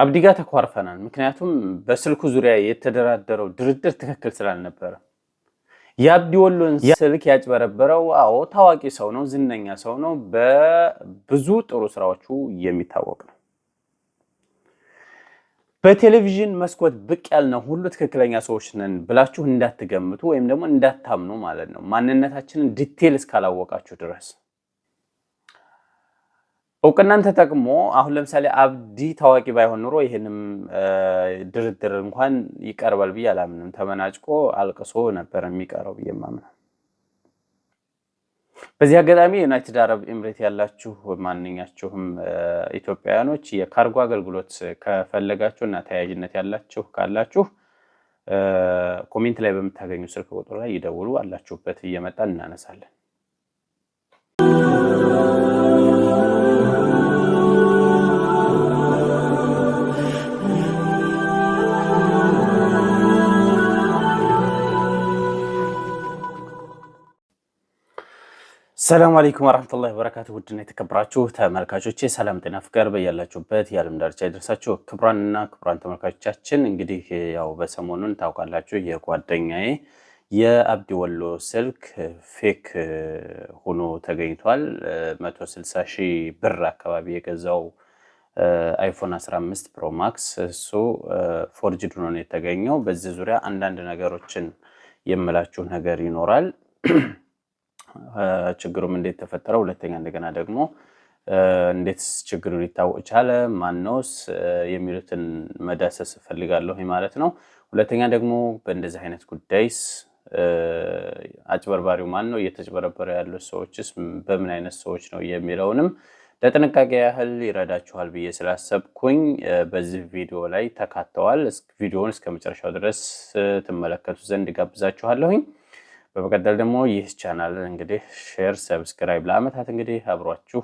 አብዲ ጋር ተኳርፈናል። ምክንያቱም በስልኩ ዙሪያ የተደራደረው ድርድር ትክክል ስላልነበረ የአብዲ ወሎን ስልክ ያጭበረበረው አዎ ታዋቂ ሰው ነው፣ ዝነኛ ሰው ነው፣ በብዙ ጥሩ ስራዎቹ የሚታወቅ ነው። በቴሌቪዥን መስኮት ብቅ ያልነው ሁሉ ትክክለኛ ሰዎች ነን ብላችሁ እንዳትገምቱ ወይም ደግሞ እንዳታምኑ ማለት ነው። ማንነታችንን ዲቴል እስካላወቃችሁ ድረስ እውቅናን ተጠቅሞ አሁን ለምሳሌ አብዲ ታዋቂ ባይሆን ኑሮ ይህንም ድርድር እንኳን ይቀርባል ብዬ አላምንም። ተመናጭቆ አልቅሶ ነበር የሚቀረው ብዬ ማምናል። በዚህ አጋጣሚ ዩናይትድ አረብ ኤምሬት ያላችሁ ማንኛችሁም ኢትዮጵያውያኖች የካርጎ አገልግሎት ከፈለጋችሁ እና ተያያዥነት ያላችሁ ካላችሁ ኮሜንት ላይ በምታገኙ ስልክ ቁጥር ላይ ይደውሉ። አላችሁበት እየመጣን እናነሳለን። ሰላም አለይኩም ወራህመቱላሂ ወበረካቱ። ውድና የተከበራችሁ ተመልካቾቼ ሰላም ጤና ፍቅር በያላችሁበት የዓለም ዳርቻ ይደርሳችሁ። ክቡራንና ክቡራን ተመልካቾቻችን እንግዲህ ያው በሰሞኑን ታውቃላችሁ የጓደኛዬ የአብዲ ወሎ ስልክ ፌክ ሆኖ ተገኝቷል። 160 ሺህ ብር አካባቢ የገዛው አይፎን 15 ፕሮ ማክስ እሱ ፎርጅድ ሆኖ ነው የተገኘው። በዚህ ዙሪያ አንዳንድ ነገሮችን የምላችሁ ነገር ይኖራል ችግሩም እንዴት ተፈጠረ፣ ሁለተኛ እንደገና ደግሞ እንዴትስ ችግሩ ሊታወቅ ቻለ፣ ማነውስ የሚሉትን መዳሰስ እፈልጋለሁ ማለት ነው። ሁለተኛ ደግሞ በእንደዚህ አይነት ጉዳይስ አጭበርባሪው ማን ነው? እየተጭበረበረ ያሉ ሰዎችስ በምን አይነት ሰዎች ነው የሚለውንም ለጥንቃቄ ያህል ይረዳችኋል ብዬ ስላሰብኩኝ በዚህ ቪዲዮ ላይ ተካተዋል። ቪዲዮውን እስከ መጨረሻው ድረስ ትመለከቱ ዘንድ ጋብዛችኋለሁኝ። በመቀጠል ደግሞ ይህ ቻናል እንግዲህ ሼር፣ ሰብስክራይብ ለአመታት እንግዲህ አብሯችሁ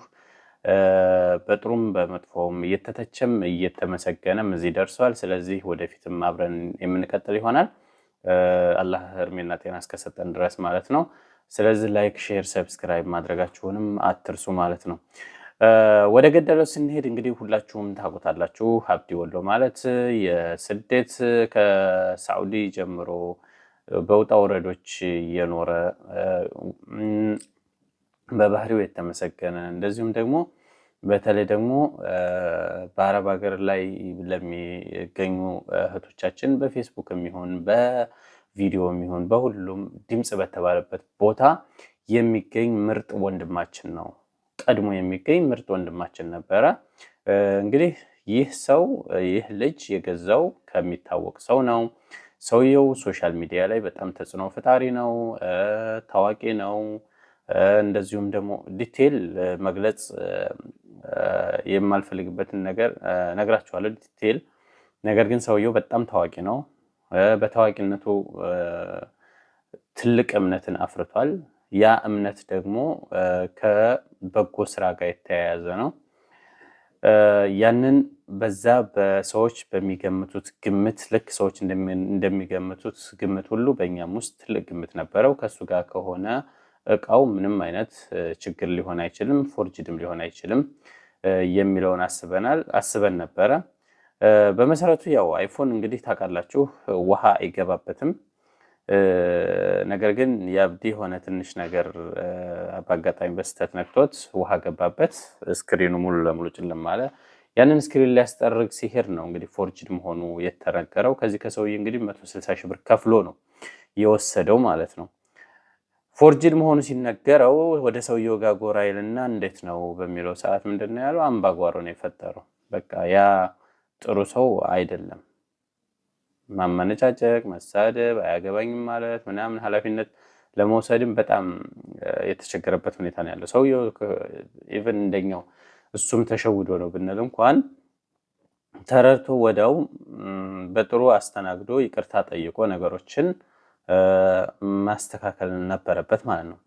በጥሩም በመጥፎም እየተተቸም እየተመሰገነም እዚህ ደርሷል። ስለዚህ ወደፊትም አብረን የምንቀጥል ይሆናል አላህ እድሜና ጤና እስከሰጠን ድረስ ማለት ነው። ስለዚህ ላይክ፣ ሼር፣ ሰብስክራይብ ማድረጋችሁንም አትርሱ ማለት ነው። ወደ ገደለው ስንሄድ እንግዲህ ሁላችሁም ታውቁታላችሁ። ሀብዲ ወሎ ማለት የስደት ከሳዑዲ ጀምሮ በውጣ ውረዶች እየኖረ በባህሪው የተመሰገነ እንደዚሁም ደግሞ በተለይ ደግሞ በአረብ ሀገር ላይ ለሚገኙ እህቶቻችን በፌስቡክ የሚሆን በቪዲዮ የሚሆን በሁሉም ድምፅ በተባለበት ቦታ የሚገኝ ምርጥ ወንድማችን ነው። ቀድሞ የሚገኝ ምርጥ ወንድማችን ነበረ። እንግዲህ ይህ ሰው ይህ ልጅ የገዛው ከሚታወቅ ሰው ነው። ሰውየው ሶሻል ሚዲያ ላይ በጣም ተጽዕኖ ፈጣሪ ነው፣ ታዋቂ ነው። እንደዚሁም ደግሞ ዲቴል መግለጽ የማልፈልግበትን ነገር ነግራችኋለሁ፣ ዲቴል ነገር ግን ሰውየው በጣም ታዋቂ ነው። በታዋቂነቱ ትልቅ እምነትን አፍርቷል። ያ እምነት ደግሞ ከበጎ ስራ ጋር የተያያዘ ነው። ያንን በዛ በሰዎች በሚገምቱት ግምት ልክ ሰዎች እንደሚገምቱት ግምት ሁሉ በእኛም ውስጥ ትልቅ ግምት ነበረው። ከእሱ ጋር ከሆነ እቃው ምንም አይነት ችግር ሊሆን አይችልም፣ ፎርጅድም ሊሆን አይችልም የሚለውን አስበናል አስበን ነበረ። በመሰረቱ ያው አይፎን እንግዲህ ታውቃላችሁ ውሃ አይገባበትም። ነገር ግን የአብዲ የሆነ ትንሽ ነገር በአጋጣሚ በስህተት ነክቶት ውሃ ገባበት፣ ስክሪኑ ሙሉ ለሙሉ ጭልም አለ። ያንን ስክሪን ሊያስጠርግ ሲሄድ ነው እንግዲህ ፎርጅድ መሆኑ የተነገረው። ከዚህ ከሰውዬ እንግዲህ 160 ሺህ ብር ከፍሎ ነው የወሰደው ማለት ነው። ፎርጅድ መሆኑ ሲነገረው ወደ ሰውየው ጋር ጎራ ይልና እንዴት ነው በሚለው ሰዓት ምንድን ነው ያለው? አምባጓሮ ነው የፈጠረው። በቃ ያ ጥሩ ሰው አይደለም። ማመነጫጨቅ፣ መሳደብ፣ አያገባኝም ማለት ምናምን ኃላፊነት ለመውሰድም በጣም የተቸገረበት ሁኔታ ነው ያለው ሰውየው ኢቨን እንደኛው እሱም ተሸውዶ ነው ብንል እንኳን ተረድቶ ወዲያው በጥሩ አስተናግዶ ይቅርታ ጠይቆ ነገሮችን ማስተካከል ነበረበት ማለት ነው።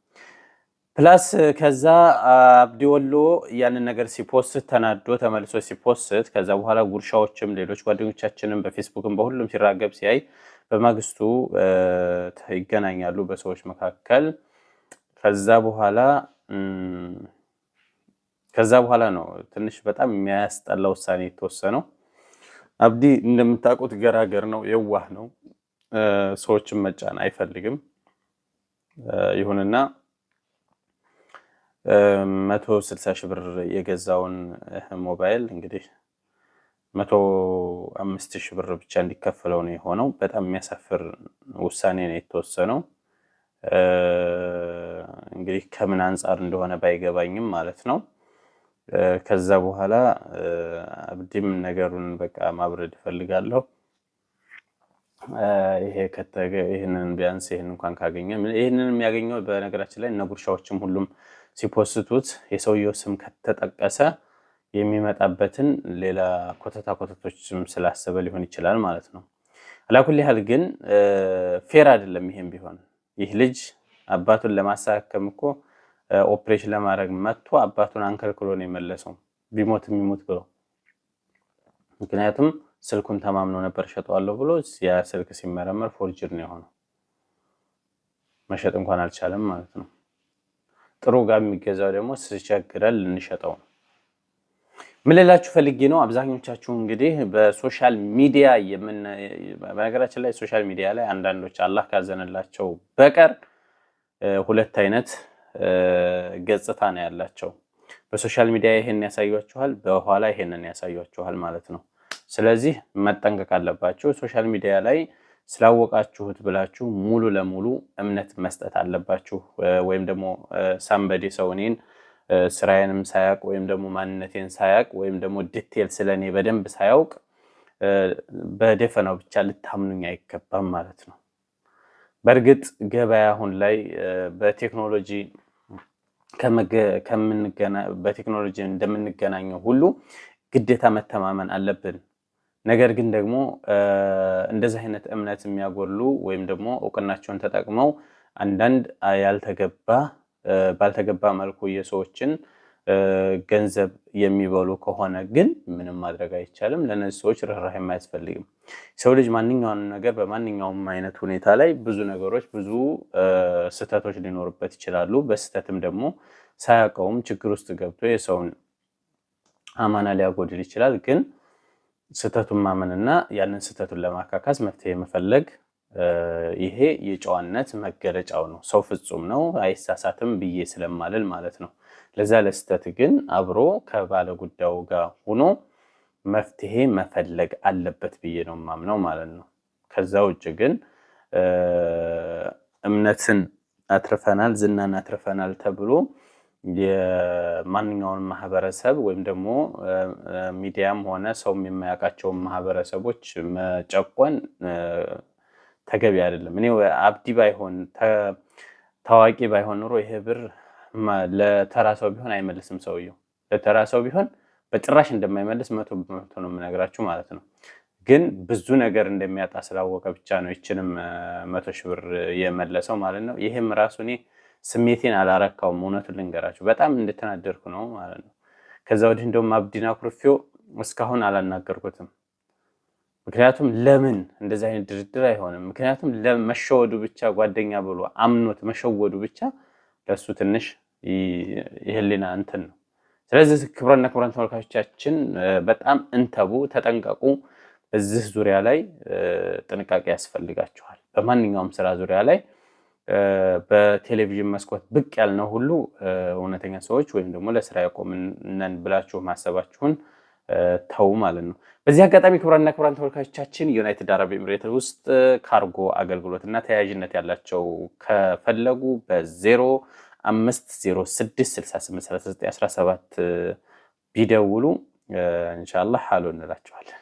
ፕላስ ከዛ አብዲ ወሎ ያንን ነገር ሲፖስት ተናዶ ተመልሶ ሲፖስት ከዛ በኋላ ጉርሻዎችም ሌሎች ጓደኞቻችንም በፌስቡክም በሁሉም ሲራገብ ሲያይ በማግስቱ ይገናኛሉ በሰዎች መካከል ከዛ በኋላ ከዛ በኋላ ነው ትንሽ በጣም የሚያስጠላ ውሳኔ የተወሰነው። አብዲ እንደምታውቁት ገራገር ነው፣ የዋህ ነው፣ ሰዎችን መጫን አይፈልግም። ይሁንና መቶ ስልሳ ሺህ ብር የገዛውን ሞባይል እንግዲህ መቶ አምስት ሺህ ብር ብቻ እንዲከፈለው ነው የሆነው። በጣም የሚያሳፍር ውሳኔ ነው የተወሰነው። እንግዲህ ከምን አንጻር እንደሆነ ባይገባኝም ማለት ነው ከዛ በኋላ አብዲም ነገሩን በቃ ማብረድ ይፈልጋለሁ። ይሄ ከተገ ይህንን ቢያንስ ይህን እንኳን ካገኘ ይህንን የሚያገኘው በነገራችን ላይ እነ ጉርሻዎችም ሁሉም ሲፖስቱት የሰውየው ስም ከተጠቀሰ የሚመጣበትን ሌላ ኮተታ ኮተቶችም ስላሰበ ሊሆን ይችላል ማለት ነው። አላኩል ያህል ግን ፌር አይደለም። ይሄም ቢሆን ይህ ልጅ አባቱን ለማሳከም እኮ ኦፕሬሽን ለማድረግ መጥቶ አባቱን አንከልክሎ ነው የመለሰው። ቢሞት የሚሞት ብሎ ምክንያቱም ስልኩን ተማምኖ ነበር ሸጠዋለሁ ብሎ ያ ስልክ ሲመረመር ፎርጅር ነው የሆነው። መሸጥ እንኳን አልቻለም ማለት ነው። ጥሩ ጋር የሚገዛው ደግሞ ስቸግረን ልንሸጠው ነው። ምን ፈልጌ ነው፣ አብዛኞቻችሁ እንግዲህ በሶሻል ሚዲያ በነገራችን ላይ ሶሻል ሚዲያ ላይ አንዳንዶች አላህ ካዘነላቸው በቀር ሁለት አይነት ገጽታ ነው ያላቸው። በሶሻል ሚዲያ ይሄን ያሳያችኋል፣ በኋላ ይሄንን ያሳያችኋል ማለት ነው። ስለዚህ መጠንቀቅ አለባችሁ። ሶሻል ሚዲያ ላይ ስላወቃችሁት ብላችሁ ሙሉ ለሙሉ እምነት መስጠት አለባችሁ። ወይም ደግሞ ሳምበዴ ሰው እኔን ስራዬንም ሳያውቅ ወይም ደግሞ ማንነቴን ሳያውቅ ወይም ደግሞ ዲቴል ስለ እኔ በደንብ ሳያውቅ በደፈናው ብቻ ልታምኑኝ አይገባም ማለት ነው። በእርግጥ ገበያ አሁን ላይ በቴክኖሎጂ በቴክኖሎጂ እንደምንገናኘው ሁሉ ግዴታ መተማመን አለብን። ነገር ግን ደግሞ እንደዚህ አይነት እምነት የሚያጎሉ ወይም ደግሞ እውቅናቸውን ተጠቅመው አንዳንድ ያልተገባ ባልተገባ መልኩ የሰዎችን ገንዘብ የሚበሉ ከሆነ ግን ምንም ማድረግ አይቻልም። ለነዚህ ሰዎች ርኅራኄም አያስፈልግም። ሰው ልጅ ማንኛውንም ነገር በማንኛውም አይነት ሁኔታ ላይ ብዙ ነገሮች ብዙ ስህተቶች ሊኖርበት ይችላሉ። በስህተትም ደግሞ ሳያውቀውም ችግር ውስጥ ገብቶ የሰውን አማና ሊያጎድል ይችላል። ግን ስህተቱን ማመንና ያንን ስህተቱን ለማካካስ መፍትሄ መፈለግ ይሄ የጨዋነት መገለጫው ነው። ሰው ፍጹም ነው አይሳሳትም ብዬ ስለማልል ማለት ነው። ለዛ ለስተት ግን አብሮ ከባለ ጉዳዩ ጋር ሆኖ መፍትሄ መፈለግ አለበት ብዬ ነው የማምነው ማለት ነው። ከዛ ውጭ ግን እምነትን አትርፈናል፣ ዝናን አትርፈናል ተብሎ የማንኛውን ማህበረሰብ ወይም ደግሞ ሚዲያም ሆነ ሰው የሚያውቃቸውን ማህበረሰቦች መጨቆን ተገቢ አይደለም። እኔ አብዲ ባይሆን ታዋቂ ባይሆን ኑሮ ይሄ ብር ለተራ ሰው ቢሆን አይመልስም ሰውየው። ለተራ ሰው ቢሆን በጭራሽ እንደማይመልስ መቶ በመቶ ነው የምነግራችሁ ማለት ነው። ግን ብዙ ነገር እንደሚያጣ ስላወቀ ብቻ ነው ይችንም መቶ ሺህ ብር የመለሰው ማለት ነው። ይህም ራሱ እኔ ስሜቴን አላረካውም፣ እውነቱን ልንገራችሁ በጣም እንደተናደርኩ ነው ማለት ነው። ከዛ ወዲህ እንደውም አብዲና ኩርፌ እስካሁን አላናገርኩትም። ምክንያቱም ለምን እንደዚህ አይነት ድርድር አይሆንም። ምክንያቱም መሸወዱ ብቻ ጓደኛ ብሎ አምኖት መሸወዱ ብቻ ለእሱ ትንሽ የህሊና እንትን ነው። ስለዚህ ክብረና ክቡራን ተመልካቾቻችን በጣም እንተቡ፣ ተጠንቀቁ። በዚህ ዙሪያ ላይ ጥንቃቄ ያስፈልጋችኋል። በማንኛውም ስራ ዙሪያ ላይ በቴሌቪዥን መስኮት ብቅ ያልነው ሁሉ እውነተኛ ሰዎች ወይም ደግሞ ለስራ የቆምነን ብላችሁ ማሰባችሁን ተው ማለት ነው። በዚህ አጋጣሚ ክቡራንና ክቡራን ተመልካቾቻችን ዩናይትድ አረብ ኤምሬት ውስጥ ካርጎ አገልግሎት እና ተያያዥነት ያላቸው ከፈለጉ በዜሮ አምስት ዜሮ ስድስት ስልሳ ስምንት ሰላሳ ዘጠኝ አስራ ሰባት ቢደውሉ እንሻላ ሀሎ እንላቸዋለን።